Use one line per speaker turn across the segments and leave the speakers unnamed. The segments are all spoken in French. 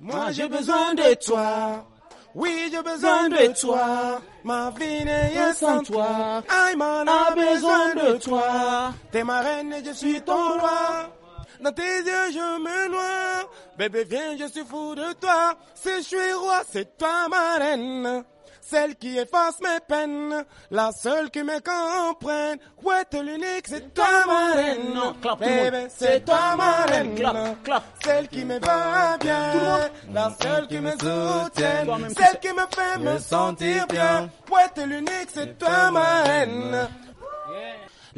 Moi ah, j'ai besoin de toi. Oui, j'ai besoin de toi. Ma vie n'est sans toi. Aïman a besoin de toi. T'es ma reine et je suis ton roi. Dans tes yeux, je me noie. Bébé, viens, je suis fou de toi. Si je suis roi, c'est toi ma reine celle qui efface mes peines, la seule qui me comprenne. Ouais, t'es l'unique, c'est toi ma reine. Eh ben, c'est toi ma reine. Celle qui me va bien, la seule qui me soutient, celle qui me fait me sentir bien. Ouais, t'es l'unique, c'est toi ma reine.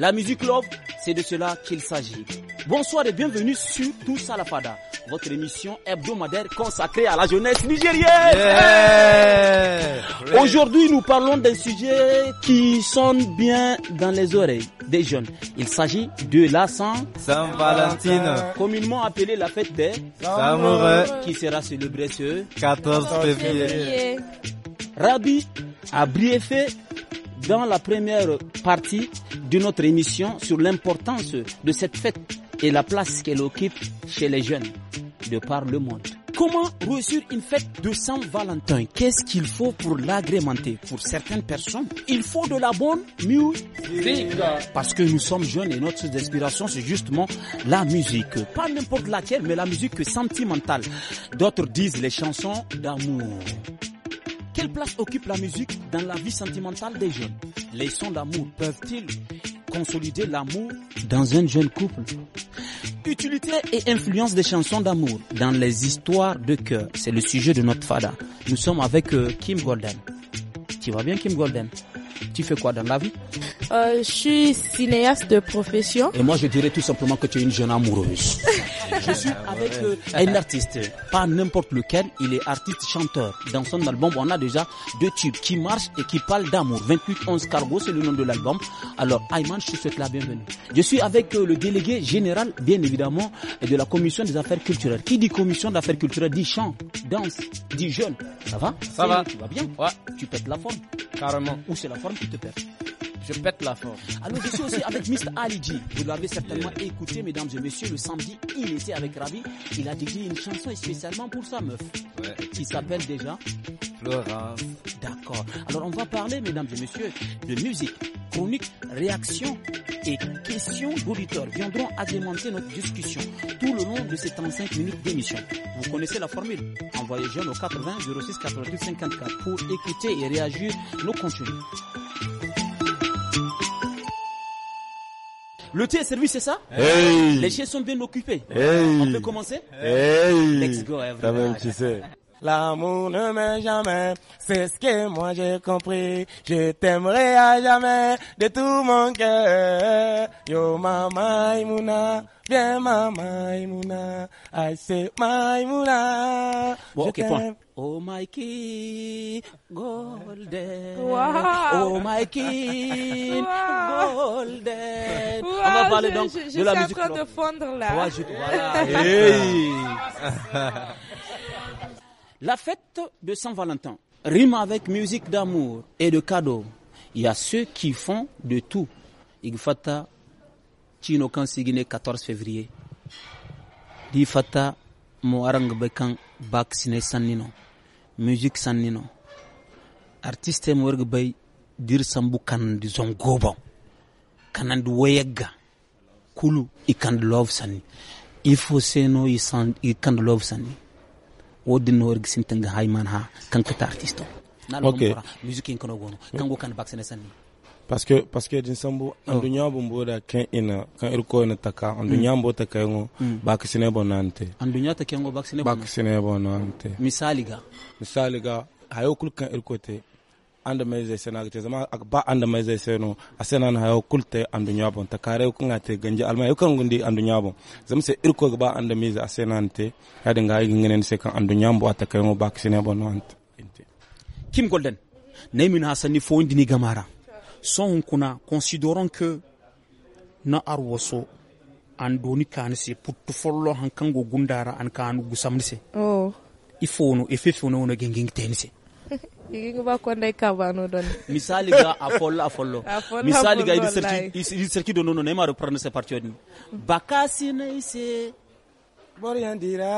La musique love, c'est de cela qu'il s'agit. Bonsoir et bienvenue sur Tous à la Fada, votre émission hebdomadaire consacrée à la jeunesse nigérienne. Aujourd'hui, nous parlons d'un sujet qui sonne bien dans les oreilles des jeunes. Il s'agit de la Saint, Saint Valentine, communément appelée la fête des amoureux, qui sera célébrée ce 14 février. Rabbi, a briefé dans la première partie de notre émission sur l'importance de cette fête et la place qu'elle occupe chez les jeunes de par le monde. Comment réussir une fête de Saint-Valentin Qu'est-ce qu'il faut pour l'agrémenter Pour certaines personnes, il faut de la bonne musique. Parce que nous sommes jeunes et notre inspiration, c'est justement la musique. Pas n'importe laquelle, mais la musique sentimentale. D'autres disent les chansons d'amour. Quelle place occupe la musique dans la vie sentimentale des jeunes Les sons d'amour peuvent-ils consolider l'amour dans un jeune couple Utilité et influence des chansons d'amour dans les histoires de cœur, c'est le sujet de notre fada. Nous sommes avec euh, Kim Golden. Tu vas bien Kim Golden Tu fais quoi dans la vie
euh, Je suis cinéaste de profession. Et moi je
dirais tout simplement que tu es une jeune amoureuse.
Je suis ah, bah avec un
artiste, pas n'importe lequel, il est artiste chanteur. Dans son album, on a déjà deux tubes qui marchent et qui parlent d'amour. 2811 Cargo, c'est le nom de l'album. Alors, Ayman, je te souhaite la bienvenue. Je suis avec euh, le délégué général, bien évidemment, de la commission des affaires culturelles. Qui dit commission des affaires culturelles dit chant, danse, dit jeune. Ça va Ça va. Tu vas bien Ouais. Tu pètes la forme. Carrément. Ou c'est la forme qui te perd je pète la forme. Alors, je suis aussi avec Mr. Ali Vous l'avez certainement écouté, mesdames et messieurs, le samedi, il était avec Ravi. Il a décrit une chanson spécialement pour sa meuf. Ouais. Qui s'appelle déjà Florence. D'accord. Alors, on va parler, mesdames et messieurs, de musique, chronique, réaction et questions d'auditeurs viendront alimenter notre discussion tout le long de ces 35 minutes d'émission. Vous connaissez la formule. Envoyez jeune au 80 06 88 54 pour écouter et réagir nos contenus. Le thé est servi, c'est ça
Les chiens sont bien occupés. Hey. On peut commencer hey. Let's go, everyone. tu sais. L'amour ne m'est jamais, c'est ce que moi j'ai compris. Je t'aimerai à jamais de tout mon cœur. Yo mama Imuna, viens mama Imuna, I say my Bon, Oh Oh king, golden.
Oh
my king,
golden. Oh On va parler donc je,
de la musique. Je suis en train de
fondre là. La fête de Saint-Valentin rime avec musique d'amour et de cadeaux. Il y a ceux qui font de tout. Il Igfata Chino Kansigine 14 février. Di fata Moarang Bekan Baksine Sanino. Musique Sanino. Artiste Mourg Bay Dir Sambu Kandu Zongoban. Kanandu Weyega. Kulu Ikand Love Sani. Il faut no, Ikand Love Sani.
wodin wargisin tanga haymanha kanka ta artisto nal okay. mora
musique kono gono kango kan
parce que din sambu andu nyambo mboda kan ina kan irko ina taka andu nyambo taka ngo vaccine bonante andu nyata kengo vaccine bonante vaccine bonante ga misali ga hayo kul kan irko te anda mai sena gite zama ba anda mai zai seno asena na hayo kulte andu nyabon ta kare ku ngate alma yo kan andu nyabon zama se irko ba anda mai zai asena nte ya dinga ay ngene se kan andu nyambo ataka yo ba kisene bon ante kim golden naimin hasani fo
ni gamara son kuna considérons que na arwoso an kanise puttu follo han kango gundara an kanu gusamnise oh ifono efefewono wono gengengtenise
ba konda ka bano don
misali ga afollo afollo misali ga idi serki do nono neymar prendre ses parties odni
bakasi na ise boriyandira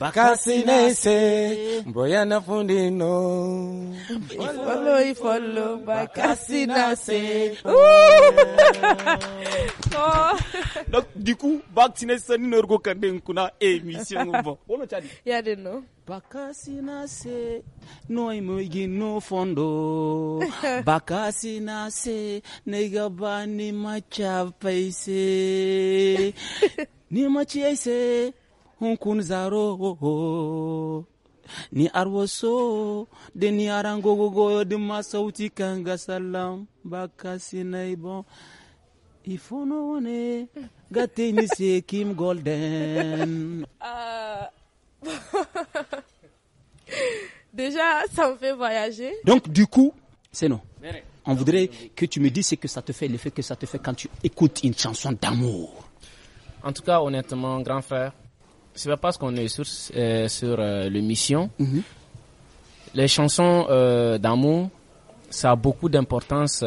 bakasi nese mboya na fundino
ifolo
ifolo bakasi nase donc du coup bakasi nese ni norgo kande kuna émission eh, bon wono chadi ya de no bakasi nase noi moigi no fondo bakasi nase nega bani macha paise ni machi ese hunkun zaro ni arwoso de ni arango Go de masauti kan ga salam baka bon ifono ne gate se kim golden
Déjà, ça me fait voyager.
Donc, du coup, c'est non. On voudrait que tu me dises ce que ça te fait, l'effet que ça te fait quand tu écoutes une chanson d'amour.
En tout cas, honnêtement, grand frère, c'est pas parce qu'on est sur, euh, sur euh, l'émission. Mhm. Les chansons euh, d'amour, ça a beaucoup d'importance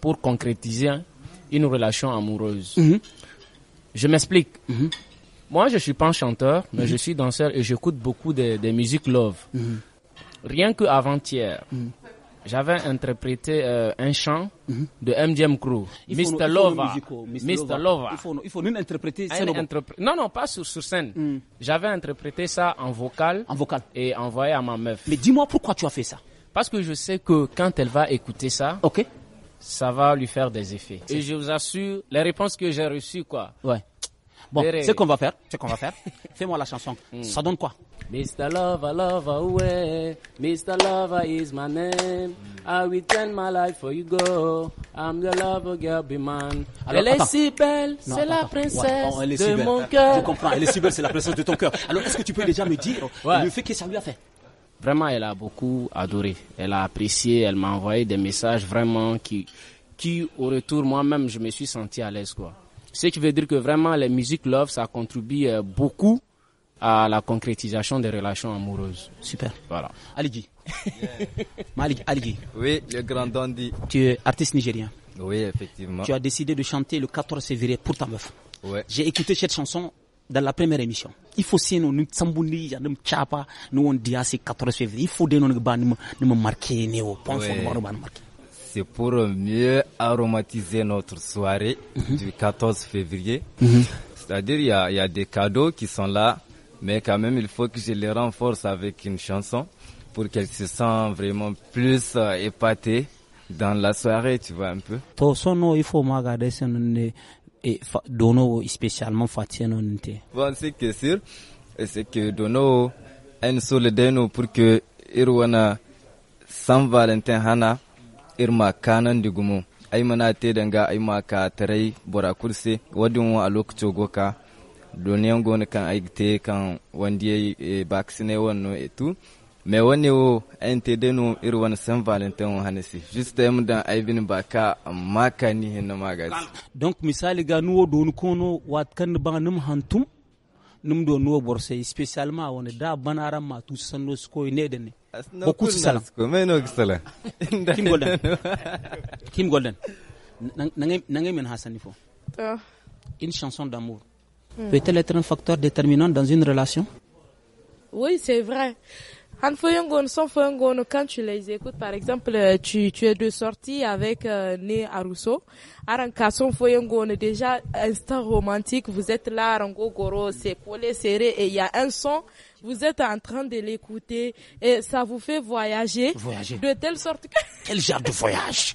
pour concrétiser hein, une relation amoureuse. Mhm. Je m'explique. Mhm. Moi, je suis pas un chanteur, mais je suis danseur et j'écoute beaucoup des de musiques love. Rien que avant-hier, j'avais interprété euh, un chant mhm. de MGM Crew, Mr. Lova. Mr. Lova. Il faut, il nous interpréter Non, non, pas sur, scène. Mm. J'avais interprété ça en vocal. En vocal. Et envoyé à ma meuf. Mais dis-moi pourquoi tu as fait ça. Parce que je sais que quand elle va écouter ça. Ok. Ça va lui faire des effets. Et je vous assure, les réponses que j'ai reçues, quoi. Ouais. Bon, ce qu'on
va faire, ce qu'on va faire,
fais-moi la chanson. Ça donne quoi Mr. Lover, Lover, Mr. Lover is my name. I will turn my life for you go. I'm the lover, girl, be Man. elle est si
belle, c'est la princesse oh, de mon cœur. Je comprends, elle est si belle, c'est la princesse de ton cœur. Alors, est-ce que tu peux déjà me dire le fait que ça lui a fait
Vraiment, elle a beaucoup adoré. Elle a apprécié, elle m'a envoyé des messages vraiment qui, qui au retour, moi-même, je me suis senti à l'aise, quoi. Ce qui veut dire que vraiment, la musique love, ça contribue beaucoup à la
concrétisation des relations amoureuses. Super. Voilà. Aligi. Yeah. Aligi. Oui, le grand dandy. Tu es artiste nigérien.
Oui, effectivement.
Tu as décidé de chanter le 14 février pour ta meuf. Ouais. J'ai écouté cette chanson dans la première émission. Il faut signer nous tsambuni ya nous chapa nous on dit à 14 février. Il faut de nous nous marquer nous Point nous marquer
c'est pour mieux aromatiser notre soirée mhm. du 14 février. Mhm. C'est-à-dire, il y a, des cadeaux qui sont là, mais quand même, il faut que je les renforce avec une chanson pour qu'elle se sente vraiment plus euh, épatée dans la soirée, tu vois un peu.
To il faut magader regarde et dono spécialement fatien on
Bon, c'est que sûr, c'est que dono un seul pour que Irwana Saint Valentin Hana irma kanan digumu ai mana te danga ai ma ka tarai bora kurse wadin wa a lokacin goka duniyan gona kan ai te kan wanda yayi e, vaccine wannan etu me wani wo ayin te denu iri wani san valentin wa hanisi just da yamu dan aibin ba ka maka ka ni hinna magasi donc misali
ga nuwo doni kono wat kan ba hantum num do bor borse spécialement on da dans ma tu sanno sko ne denne bokku sala ko
me no kim golden
kim golden nangay nangay men hasani fo une chanson d'amour
hmm.
peut-elle
être un facteur déterminant dans une relation
oui c'est vrai quand tu les écoutes, par exemple, euh, tu, tu es de sortie avec euh, Né Arusso, déjà un déjà instant romantique, vous êtes là, Rango Goro, c'est collé, serré, et il y a un son, vous êtes en train de l'écouter, et ça vous fait voyager, voyager. de telle sorte que...
Quel genre de voyage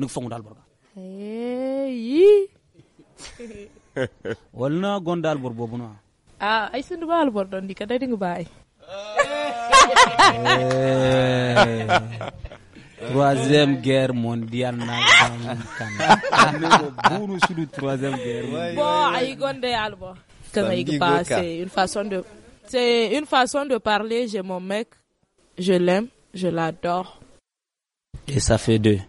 nik fongu dal borga
hey
walna gondal bor bobu no
ah ay sun bal bor don dika day dinga bay
troisième guerre mondiale
na kan bunu sudu troisième guerre bon
ay gonde albo c'est une façon de c'est une façon de parler j'ai mon mec je l'aime je l'adore
et ça fait deux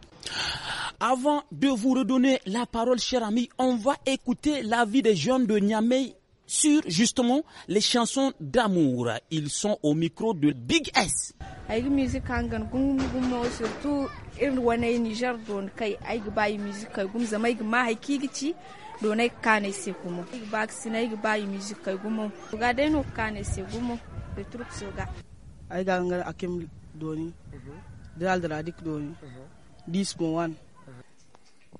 avant de vous redonner la parole, cher ami, on va écouter l'avis des jeunes de Niamey sur justement les chansons d'amour. Ils sont au micro de Big S.
Aïe musique kangan gum gum surtout irin wani Niger don kay aïe bay musique kai gum zama aïe ma haiki gici kane se gumo. Aïe bak sina aïe bayi musique kai gumo. Ga dai no kane se gumo truc so ga.
Aïe gangan akim doni. Mhm. Dal radik doni. 10.1 mhm.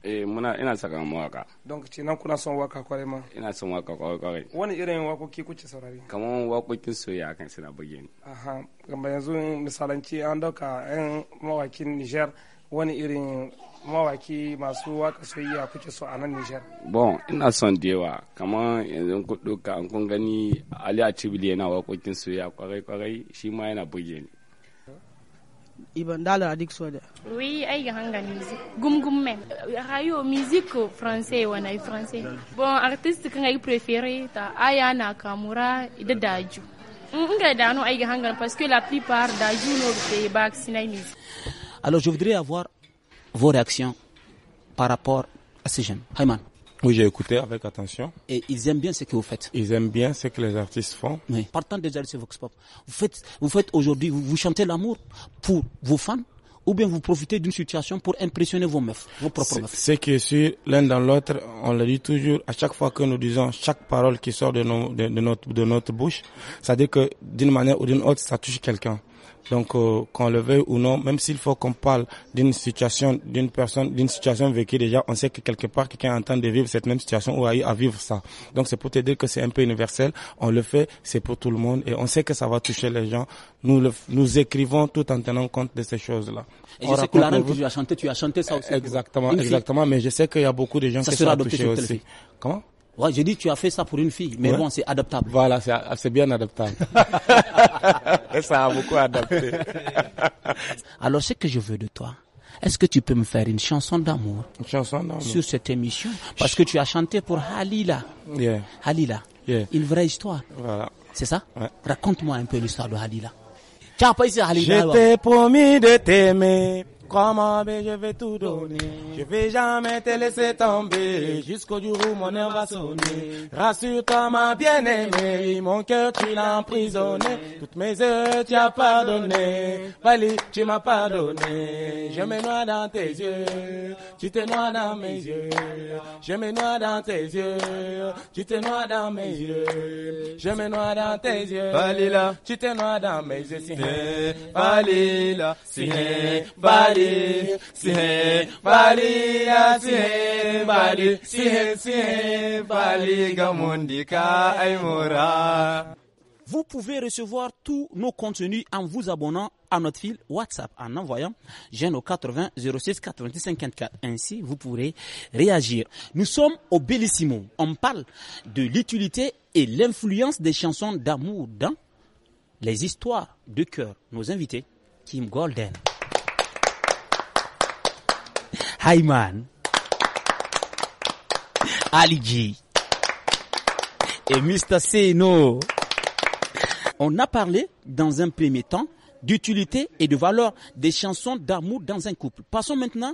eh muna ina saka mawaka
don ka ce nan
kuna
son waka kware ma ina son waka kware. kwarai wani irin wakoki kuke saurari kamar wakokin soyayya kan suna buge ni aha kamar yanzu misalanci an dauka ɗan mawakin Niger wani irin mawaki masu waka soyayya kuke so a nan Niger bon
ina son da yawa kamar yanzu kun duka an kun gani Ali Atibili yana wakokin soyayya kware kware shi ma yana buge ni
iban dala adik sode
oui ay hanga musique gum gum men rayo musique français wana français bon artiste kan ay préféré ta Ayana Kamura ida daju nga dano ay hanga parce que la plupart daju no te vaccinay musique
alors je voudrais avoir vos réactions par rapport à ces jeunes Hayman oui, j'ai écouté avec attention. Et ils aiment bien ce que vous faites. Ils aiment bien ce que les artistes font. Partant déjà de ce Vox Pop, vous faites, vous faites aujourd'hui, vous, chantez l'amour pour vos fans ou bien vous profitez d'une situation pour impressionner vos meufs, vos propres meufs.
C'est que sur l'un dans l'autre, on le dit toujours, à chaque fois que nous disons chaque parole qui sort de, nos, notre, de notre bouche, ça veut dire que d'une manière ou d'une autre, ça touche quelqu'un. Donc, euh, qu'on le veuille ou non, même s'il faut qu'on parle d'une situation, d'une personne, d'une situation vécue déjà, on sait que quelque part, quelqu'un est en train de vivre cette même situation ou a eu à vivre ça. Donc, c'est pour te dire que c'est un peu universel. On le fait, c'est pour tout le monde et on sait que ça va toucher les gens. Nous, le, nous écrivons tout en tenant compte de ces choses-là. Et je sais que la que tu
as chanté, tu as chanté ça aussi. Exactement, exactement.
Mais je sais qu'il y a beaucoup de gens qui sont touchés aussi.
Comment Ouais, j'ai dit, tu as fait ça pour une fille, mais bon, c'est adaptable. Voilà, c'est bien adaptable.
ça a beaucoup adapté.
Alors, ce que je veux de toi, est-ce que tu peux me faire une chanson d'amour Une chanson d'amour Sur cette émission Parce que tu as chanté pour
Halila.
Yeah. Halila. Une vraie histoire. C'est ça Raconte-moi un peu l'histoire de Halila.
t'ai promis de t'aimer Comment mais je vais tout donner. Je vais jamais te laisser tomber. Jusqu'au jour où mon heure va sonner. Rassure-toi ma bien-aimée. Mon cœur tu l'as emprisonné. Toutes mes heures tu as pardonné. Valé tu m'as pardonné. Je me noie dans tes yeux. Tu te noies dans mes yeux. Je me noie dans tes yeux. Tu te noies dans mes yeux. Je me noie dans tes yeux. là Tu te noies dans mes yeux. Valila. Valila.
Vous pouvez recevoir tous nos contenus en vous abonnant à notre fil WhatsApp en envoyant geno 80 06 Ainsi, vous pourrez réagir. Nous sommes au Bellissimo. On parle de l'utilité et l'influence des chansons d'amour dans les histoires de cœur. Nos invités, Kim Golden. Ayman Ali et Mr. Seno. On a parlé dans un premier temps d'utilité et de valeur des chansons d'amour dans un couple. Passons maintenant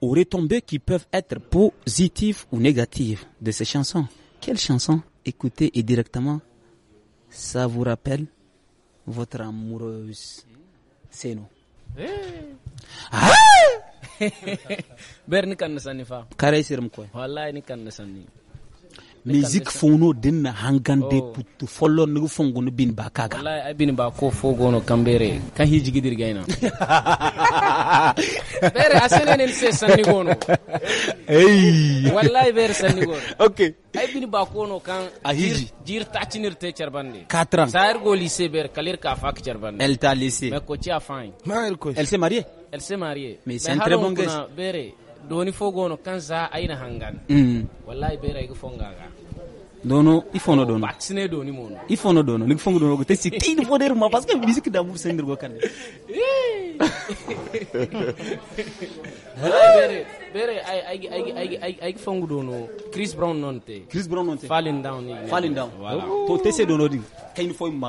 aux retombées qui peuvent être positives ou négatives de ces chansons. Quelle chanson écoutez et directement ça vous rappelle votre amoureuse Seno ah!
ber ni kan sani fa kare sirum ko wallahi ni kan sani
musique fono din hangande oh. puttu follo nugu no bin ba kaga wallahi ay bin ba ko fogo no kambere kan hiji gidir gayna
bere asene nen se sanni gono ey wallahi bere sanni gono okay ay bin ba ko no kan a hiji jir tacinir te charbande 4 ans saer go lycée ber kalir ka fak charbande elle ta lycée mais ko ti afan
ma elle ko elle s'est mariée
elle se mariée. Mais c'est un très bon geste. Bere, doni fogono kanza aina hangan. Mm. Wallahi bere ga fongaga.
dono i fono dono vaccine
doni mono i
fono dono ni fongo dono te sikki ni foder ma parce que musique d'amour sendir go kande
beere beere ayg fengu no oh, chris brown noon
te chris brown noon te falling down eh. falling down oh.
to tese ɗo no ɗi kayni ma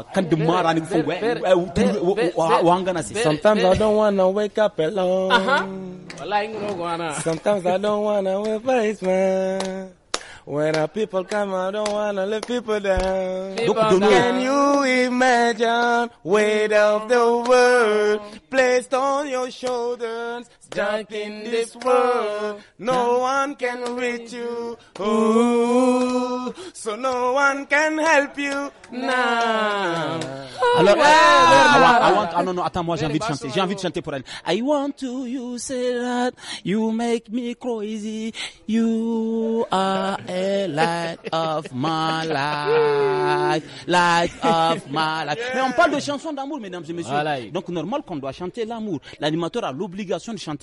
si sometimes i don't wanna wake up alone uh-huh.
wallahi ngonogo wana sometimes i
don't wanna wake up man when our people come, I don't wanna let people down. People Can down. you imagine weight of the world placed on your shoulders? Dark in this world. No one can reach you. Ooh, so no one can help you now. Alors, I want, ah
non, non, attends, moi j'ai envie de chanter. J'ai envie de chanter pour elle. I want to you say that you make me crazy. You are a light of my life. Light of my life. Mais on parle de chansons d'amour, mesdames et messieurs. Donc normal qu'on doit chanter l'amour. L'animateur a l'obligation de chanter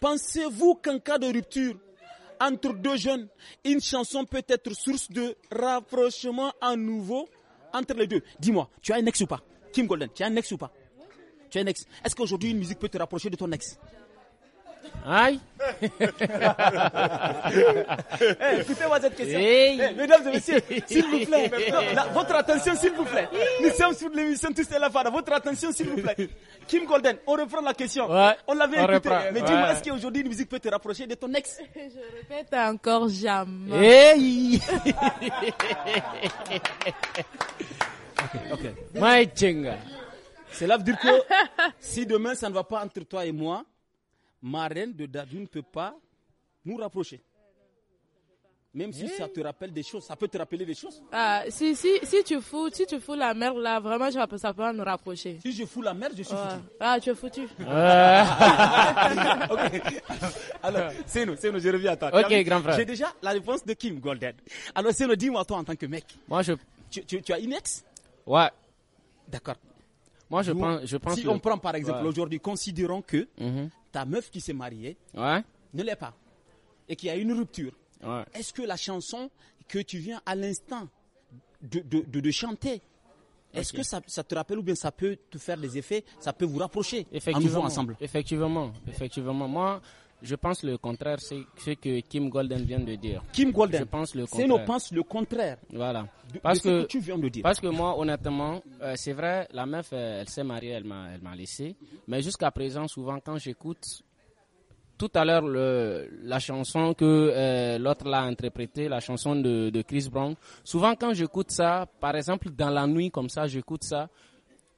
Pensez-vous qu'en cas de rupture, entre deux jeunes, une chanson peut être source de rapprochement à nouveau entre les deux Dis-moi, tu as un ex ou pas Kim Golden, tu as un ex ou pas Tu as un ex. Est-ce qu'aujourd'hui une musique peut te rapprocher de ton ex Aïe eh, Écoutez-moi cette question. Eh, mesdames et messieurs, s'il vous plaît, votre attention s'il vous plaît. Nous sommes sur l'émission Tous et la Fada. Votre attention s'il vous plaît. Kim Golden, on reprend la question. on l'avait écouté. Mais dis-moi, est-ce qu'aujourd'hui une musique peut te rapprocher de ton ex Je répète encore jamais. Hey ok, ok. My Cela veut dire que si demain ça ne va pas entre toi et moi, ma reine de Dadou ne peut pas nous rapprocher. Même si ça te rappelle des choses, ça peut te rappeler des choses.
Ah, si, si, si tu fous, tu fous la merde là, vraiment, ça peut, nous rapprocher. Si je fous la merde, je suis foutu. Ah, tu es foutu.
ok. Alors, c'est nous, c'est nous, je reviens à toi. Ok, grand frère. J'ai déjà la réponse de Kim Golden. Alors, c'est nous, dis-moi toi en tant que mec. Moi, je. Tu, tu, as une ex Ouais. D'accord.
Moi, je, pense, je pense. Si on prend par exemple aujourd'hui,
considérons que mhm. ta meuf qui s'est mariée ouais. ne l'est pas et qu'il y a une rupture. Est-ce que la chanson que tu viens à l'instant de, de, chanter, est-ce que ça, te rappelle ou bien ça peut te faire des effets, ça peut vous rapprocher à nouveau ensemble
Effectivement, effectivement. Moi, je pense le contraire, c'est ce que Kim Golden vient de dire. Kim Golden, je pense le contraire. C'est pense
le contraire.
Voilà. parce que, tu viens de dire. Parce que moi, honnêtement, euh, c'est vrai, la meuf, elle, elle s'est mariée, elle m'a, elle m'a laissé. Mais jusqu'à présent, souvent, quand j'écoute, tout à l'heure la chanson que euh, l'autre l'a interprétée, la chanson de, Chris Brown. Souvent quand j'écoute ça, par exemple dans la nuit comme ça, j'écoute ça.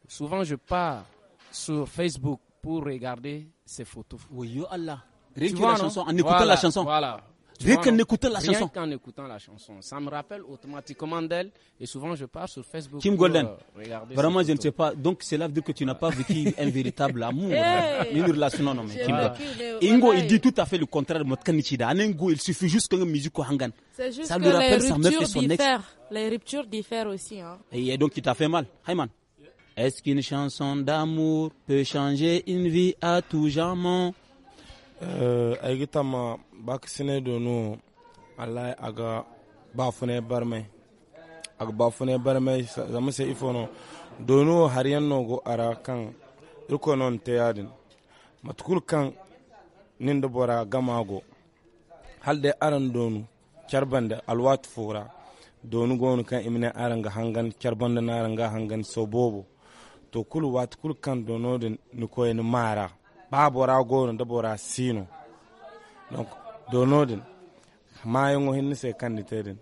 Souvent je pars sur Facebook pour regarder ces
photos. Oui,
Allah. en écoutant la chanson. Voilà. Vu qu'en écoutant la rien chanson. qu'en écoutant la chanson. Ça me rappelle automatiquement d'elle. Et souvent, je pars sur Facebook. Kim Golden. Euh, Vraiment,
je ne sais pas. Donc, cela veut dire que tu n'as pas vécu un véritable amour. Euh, une relation, non, non, mais Kim Golden. Ingo, il dit tout à fait le contraire de Motkanichida. Anengo, il suffit juste une musique au Hangan. Juste ça que rappelle sa meuf et son ex.
Les ruptures diffèrent aussi. Hein.
Et donc, il t'a fait mal. Hayman.
Est-ce qu'une chanson d'amour peut changer une vie à tout jamais? Eh, aigita ma bakisine donu ala aga bafune barme aga bafune barme zama sai ifono donu hariyan nogo ara kan iko non te yadin matkul kan ninda bora gamago halde aran donu carbande alwat fura donu gonu kan imine aran ga hangan carbande na aran ga hangan so bobo to Kulu watukul kan dono din ni mara ɓa bora gono da bora sino donc donodin mayongo hinni se candidate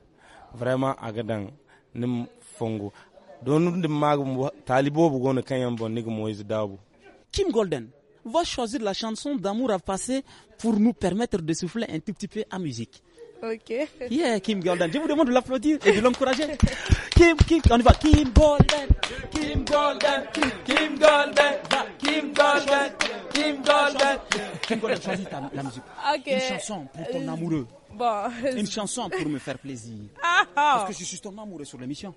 vraiment agadan nim fongo donodin magu talibobu gono kanyan bon nigu moise kim golden
va choisir la chanson d'amour à passer pour nous permettre de souffler un tout petit peu à musique Ok. yeah, Kim Golden Je vous demande de l'applaudir et de l'encourager. Kim, Kim, on y va. Kim Golden, Kim Golden, Kim Golden, Kim Golden, Kim Golden. Kim Golden, choisis la musique. Une chanson pour ton euh, amoureux. Bon. Une chanson pour me faire plaisir. Ah, ah. Parce que je suis ton amoureux sur l'émission.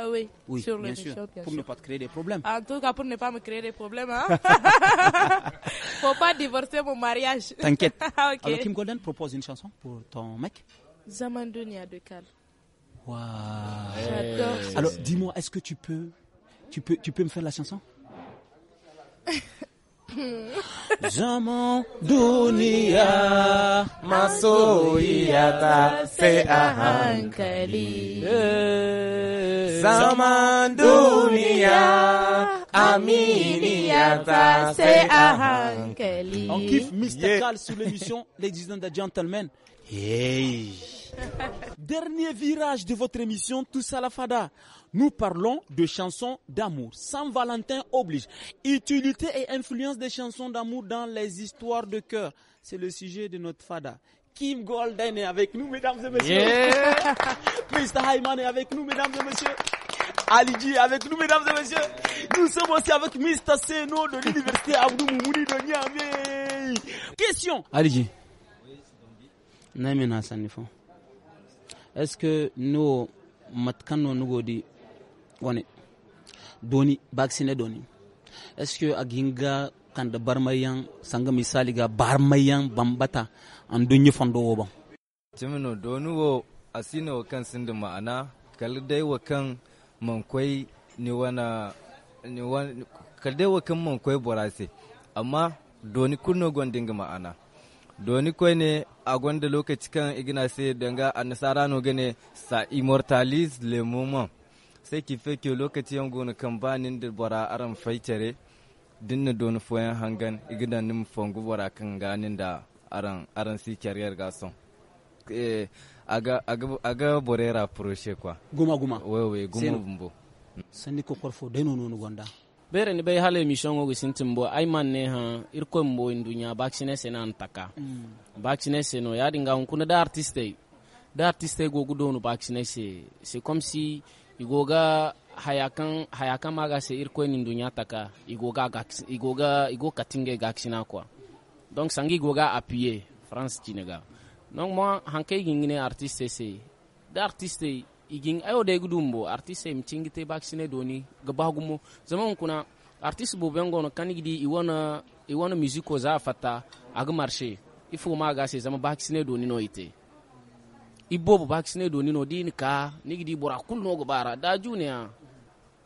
Ah oui, bien sûr, pour ne pas
te créer des problèmes.
Ah, en tout cas, pour ne pas me créer des problèmes. Hein? Faut pas divorcer mon mariage. T'inquiète. Ah, Alors, Kim
Golden propose une chanson pour ton mec
Zamandonia de Cal.
Wow. Alors, dis-moi, est-ce que tu peux, tu peux, tu peux me faire la chanson Zaman
duniya masoyiya ta sai
a
eh. Zaman duniya On
kiffe
Mr. Carl sur l'émission Les and de Gentlemen. Hey. Dernier virage de votre émission Tous à la Fada. Nous parlons de chansons d'amour. Saint Valentin oblige. Utilité et influence des chansons d'amour dans les histoires de cœur. C'est le sujet de notre Fada. Kim Golden est avec nous, mesdames et messieurs. Mr. Hyman est avec nous, mesdames et messieurs. Alidji avec nous, mesdames et messieurs. Nous sommes aussi avec Mr. Seno de l'université Abdou Moumouni de Niamey. Question. Alidji. Naimina Sanifon. Est-ce que nous, Matkano Nugodi, on est Doni, vacciné Doni. Est-ce que Aginga, quand Barmayan, Sangamissaliga, Barmayan, Bambata, en Dunyi Fondo
Timino, Donuo, Asino, Kansinde Maana, Kalidei, Wakan, mankwai ni wana ni wana kalde wakin mankwai borase amma doni kunno ma'ana doni koy ne a gwanda lokaci kan igina sai danga a nasara no gane sa immortalis le moment sai ki fake lokaci yan gona kan banin da bora aran faitare dinna doni foyan hangan igina nim fongu bora kan ganin da aran aran si gason eh aga aga borera proche quoi guma guma wewe guma
bumbo sani ko korfo deno no gonda
bere ni bay hale mission go sintim ay man ne ha irko mbo dunya vaccine se nan taka
mm.
vaccine se no yadi ngam kuna da artiste da artiste go gudo no vaccine se c'est comme si igoga hayakan hayakan maga se irko ni dunya taka igoga igoga igo katinge gaksina quoi donc sangi goga appuyer france sénégal donc moi hanke gingine artiste se da artiste igin ayo de gudumbo artiste mchingite vaccine doni gabagumo zaman kuna artiste bo bengo no kanigidi iwana iwana musico za fata ag marché il faut ga se zama vaccine doni no ite ibobo vaccine doni no din ka di bora kulno go bara da junia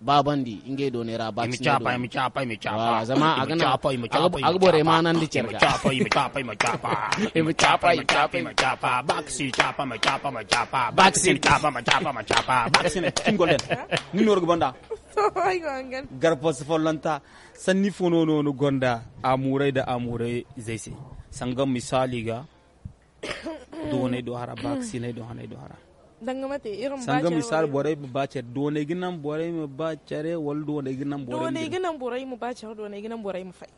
babandi inge do ne ra bat mi chapa mi chapa mi chapa zama agana chapa mi chapa agbore manan di chenga chapa mi chapa
mi chapa mi chapa mi chapa mi chapa baksi chapa mi chapa mi chapa baksi chapa mi chapa mi chapa baksi ne tingolen ni no gonda garpo so follanta sanni fono no no gonda amurai da amurai zaisi sangam misali ga
do ne
do hara baksi ne do hanai do hara
dangamate irin bacare sanga misal
borai mu bacare done ginan borai mu bacare wal done ginan borai done
ginan borai mu bacare done ginan borai mu fai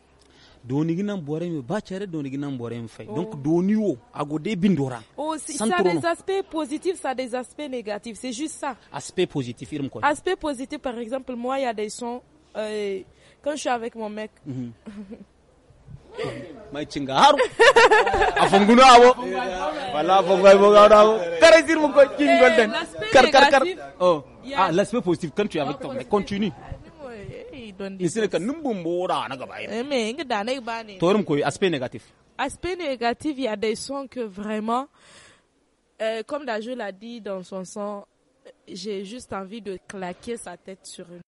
doni ginan borai mu bacare doni ginan borai mu fai oh. donc doni wo agode bindora
oh si ça a des aspects positifs ça des aspects négatifs c'est juste ça
aspect positif irim quoi aspect
positif par exemple moi il y a des sons euh, quand je suis avec mon mec mm -hmm.
mai cinga haru abo wala afungai boga abo karasir mon ko kingol eh, den kar kar kar oh ah l'aspect positif quand tu es avec ton mais continue isine ka nimbum bora na gaba ya eh,
mais inga da ne torum
ko aspect négatif
aspect négatif il y a des sons que vraiment euh, comme Dajou l'a dit dans son son j'ai juste envie de claquer sa tête sur une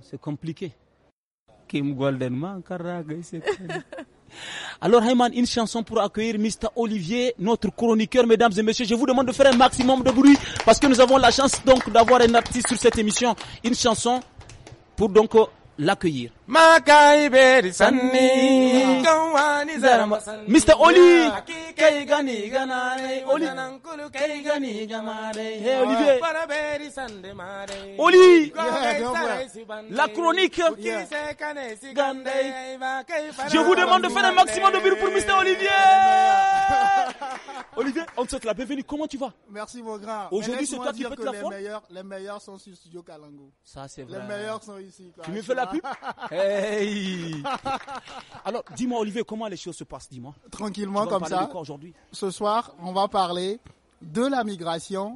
c'est compliqué Kim Golden man karaga c'est Alors Hayman, une chanson pour accueillir Mr. Olivier, notre chroniqueur, mesdames et messieurs. Je vous demande de faire un maximum de bruit parce que nous avons la chance donc d'avoir un artiste sur cette émission. Une chanson pour donc euh, l'accueillir. Makai Mr. Oli gani Oli Olivier ah, Oli
la chronique Je vous demande de faire un maximum de bruit pour
Mr. Olivier Olivier, on te souhaite la bienvenue. Comment tu vas Merci mon grand. Aujourd'hui, c'est toi qui pète la forme.
Les meilleurs, sont sur Studio Kalango. Ça c'est vrai. Les
meilleurs sont ici. Tu me fais la pub
Alors, dis-moi, Olivier, comment les choses se passent, dis-moi Tranquillement, comme ça. aujourd'hui Ce soir, on va parler de la migration,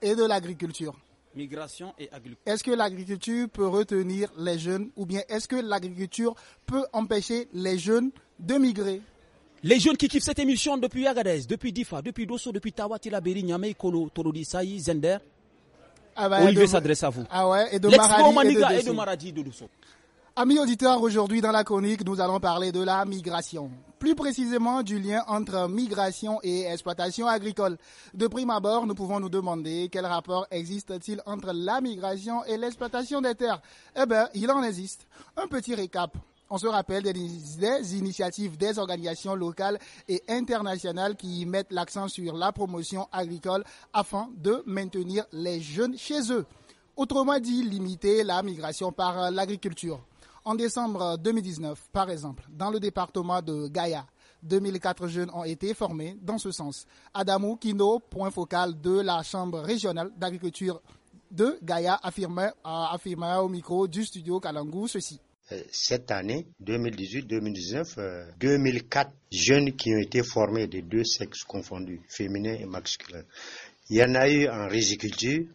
et de l'agriculture.
Migration et agriculture.
Est-ce que l'agriculture peut retenir les jeunes ou bien est-ce que l'agriculture peut empêcher les jeunes de migrer les jeunes qui
kiffent cette émission depuis Agadez, depuis Difa, depuis Dosso, depuis Tawati, Laberi, Niamey, Kolo, Torodi, Zender,
ah bah, Olivier s'adresse à vous. Ah ouais, et de Maradi et de, Maradi, de Dosso. Amis auditeurs, aujourd'hui dans la chronique, nous allons parler de la migration. Plus précisément, du lien entre migration et exploitation agricole. De prime abord, nous pouvons nous demander quel rapport existe-t-il entre la migration et l'exploitation des terres. Eh bien, il en existe. Un petit récap. On se rappelle des, des, initiatives des organisations locales et internationales qui mettent l'accent sur la promotion agricole afin de maintenir les jeunes chez eux. Autrement dit, limiter la migration par l'agriculture. En décembre 2019, par exemple, dans le département de Gaïa, 2004 jeunes ont été formés dans ce sens. Adamou Kino, point focal de la Chambre régionale d'agriculture de Gaïa, affirmait, affirmé au micro du studio Kalangou ceci
euh, cette année 2018-2019, 2004 euh, jeunes qui ont été formés des deux sexes confondus, féminin et masculin. Il y en a eu en riziculture,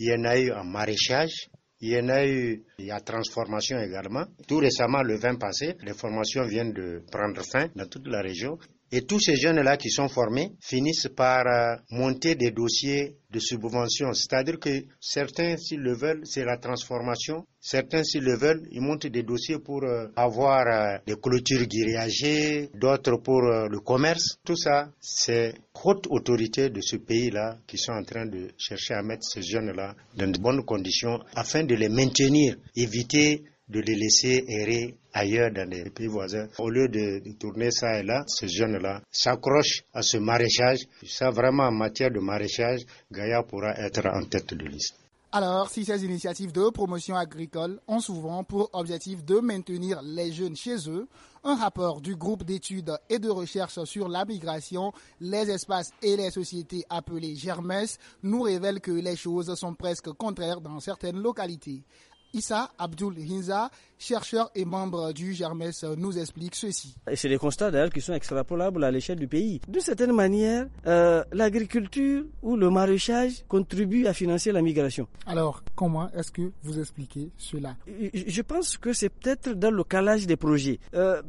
il y en a eu en maraîchage, il y en a eu, il y a transformation également. Tout récemment, le 20 passé, les formations viennent de prendre fin dans toute la région. Et tous ces jeunes-là qui sont formés finissent par euh, monter des dossiers de subvention. C'est-à-dire que certains, s'ils le veulent, c'est la transformation. Certains, s'ils le veulent, ils montent des dossiers pour euh, avoir euh, des clôtures guérillagées, d'autres pour le commerce. Tout ça, c'est haute autorité de ce pays-là qui sont en train de chercher à mettre ces jeunes-là dans de bonnes conditions afin de les maintenir, éviter de les laisser errer ailleurs dans les pays voisins. Au lieu de, tourner ça et là, ces jeunes-là s'accrochent à ce maraîchage. Ça, vraiment, en matière de maraîchage, Gaïa pourra être en tête de liste.
Alors, si ces initiatives de promotion agricole ont souvent pour objectif de maintenir les jeunes chez eux, un rapport du groupe d'études et de recherche sur la migration, les espaces et les sociétés appelées Germès nous révèle que les choses sont presque contraires dans certaines localités. Issa Abdul Hinza, chercheur et membre du GERMES, nous explique ceci.
C'est des constats d'ailleurs qui sont extrapolables à l'échelle du pays. D'une certaine manière, euh, l'agriculture ou le maraîchage contribuent à financer la migration.
Alors, comment est-ce que vous expliquez cela
Je pense que c'est peut-être dans le calage des projets. Euh,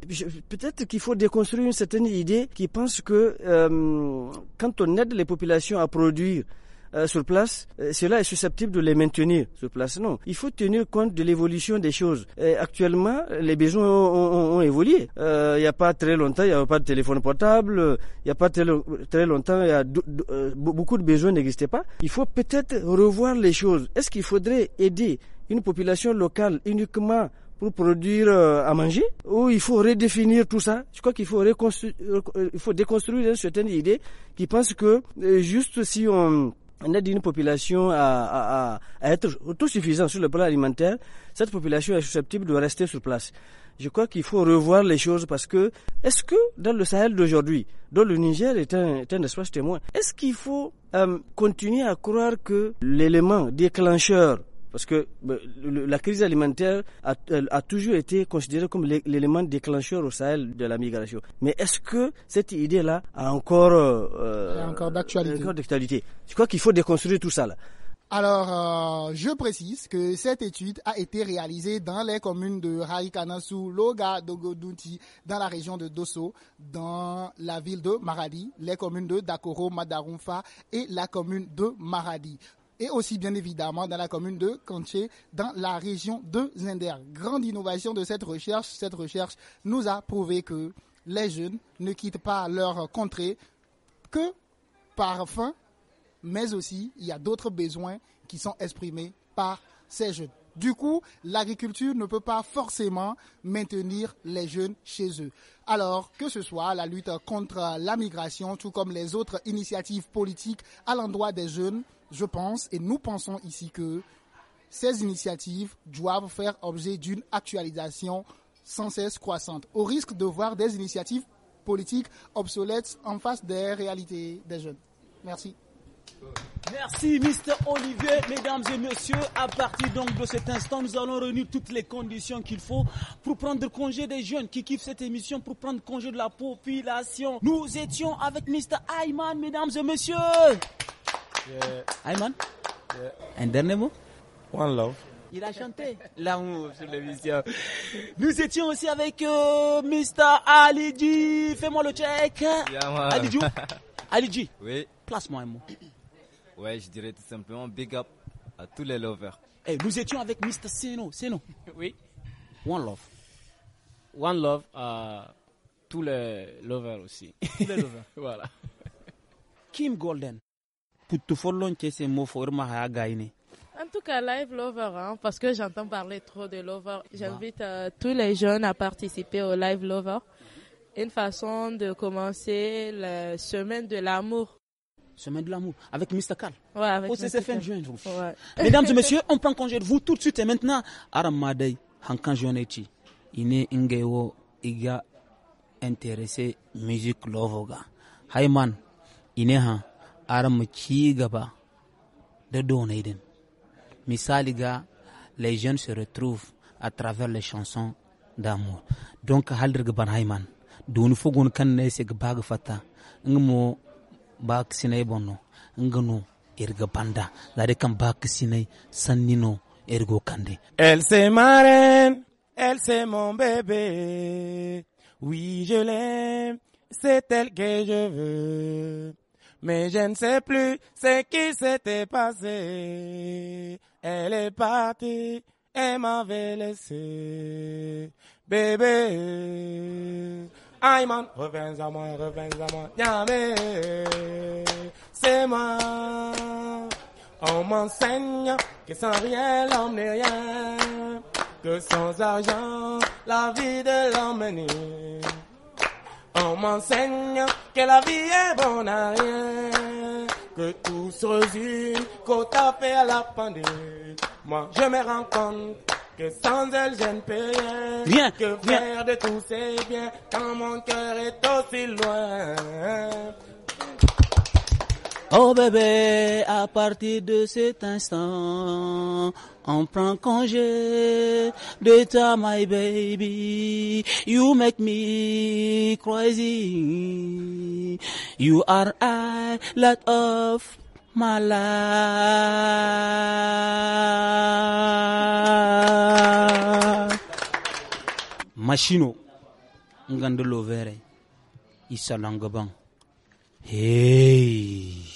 peut-être qu'il faut déconstruire une certaine idée qui pense que euh, quand on aide les populations à produire, euh, sur place, euh, cela est susceptible de les maintenir sur place. Non, il faut tenir compte de l'évolution des choses. actuellement, les besoins ont, évolué. Euh, il n'y a pas très longtemps, il n'y avait pas de téléphone portable. Il n'y a pas très, très longtemps, y a beaucoup de besoins n'existaient pas. Il faut peut-être revoir les choses. Est-ce qu'il faudrait aider une population locale uniquement pour produire à manger ou il faut redéfinir tout ça Je crois qu'il faut, il faut déconstruire certaines idées qui pensent que juste si on on aide une population à, être autosuffisante sur le plan alimentaire, cette population est susceptible de rester sur place. Je crois qu'il faut revoir les choses parce que est-ce que dans le Sahel d'aujourd'hui, dont le Niger est un, est un espace témoin, est-ce qu'il faut euh, continuer à croire que l'élément déclencheur parce que euh, la crise alimentaire a, toujours été considérée comme l'élément déclencheur au Sahel de la migration. Mais est-ce que cette idée-là a encore, euh, euh, encore d'actualité Je crois qu'il faut déconstruire tout ça. Là.
Alors, je précise que cette étude a été réalisée dans les communes de Raikanasu, Loga, Dogodouti, dans la région de Dosso, dans la ville de Maradi, les communes de Dakoro, Madarumfa et la commune de Maradi et aussi bien évidemment dans la commune de Kanché, dans la région de Zender. Grande innovation de cette recherche. Cette recherche nous a prouvé que les jeunes ne quittent pas leur contrée que par faim, mais aussi il y a d'autres besoins qui sont exprimés par ces jeunes. Du coup, l'agriculture ne peut pas forcément maintenir les jeunes chez eux. Alors que ce soit la lutte contre la migration, tout comme les autres initiatives politiques à l'endroit des jeunes, je pense, et nous pensons ici que ces initiatives doivent faire objet d'une actualisation sans cesse croissante, au risque de voir des initiatives politiques obsolètes en face des réalités des jeunes. Merci. Merci, Mr.
Olivier. Mesdames et messieurs, à partir donc de cet instant, nous allons réunir toutes les conditions qu'il faut pour prendre congé des jeunes qui kiffent cette émission, pour prendre congé de la population. Nous étions avec Mr. Ayman, mesdames et messieurs. Ayman Un dernier mot One love. Il a chanté l'amour sur l'émission. Nous étions aussi avec euh, Mr. Alidji. Fais-moi le check. Aliji,
Alidji. Oui. Place-moi un mot. Ouais, je dirais tout simplement big up à tous les lovers.
Et eh, nous étions avec Mr. Seno. Seno. Oui. One love.
One love à tous les lovers aussi.
voilà. Kim Golden putu folon ke mo forma ha gaine
en tout cas, live lover, hein, parce que j'entends parler trop de lover. J'invite bah. euh, tous les jeunes à participer au live lover. Une façon de commencer la semaine de l'amour.
Semaine de l'amour avec Mr. Carl.
Ouais, avec oh, c'est fin
juin.
Ouais. Mesdames et messieurs,
on prend congé de vous tout de suite et maintenant. Aramadei, Hankan Jonechi, Ine Ingewo, Iga, intéressé, musique lovoga. Hayman, Inehan. Hein ara mu ci gaba da donai din misali les jeunes se retrouvent à travers les chansons d'amour donc haldir ga ban hayman doni kan ne se ga fata ngmo ba sinai bonno er banda zade kan ba sannino ergo kande
elle c'est ma reine elle c'est mon bébé oui je l'aime c'est elle que je veux mais je ne sais plus ce qui s'était passé. Elle est partie elle m'avait laissé. Bébé, Aïman, reviens à moi, reviens à moi. Yamé, c'est moi. On m'enseigne que sans rien, l'homme n'est rien. Que sans argent, la vie de l'homme on m'enseigne que la vie est bonne à rien, que tout se résume qu'au taper à la pendule. Moi, je me rends compte que sans elle, je ne peux rien. que faire de tout, c'est bien, quand mon cœur est aussi loin.
Oh bébé,
à partir de
cet instant, on prend congé de toi, my baby. You make me crazy. You are a lot of my life. Machino, ngandelo vere, s'allonge
Hey.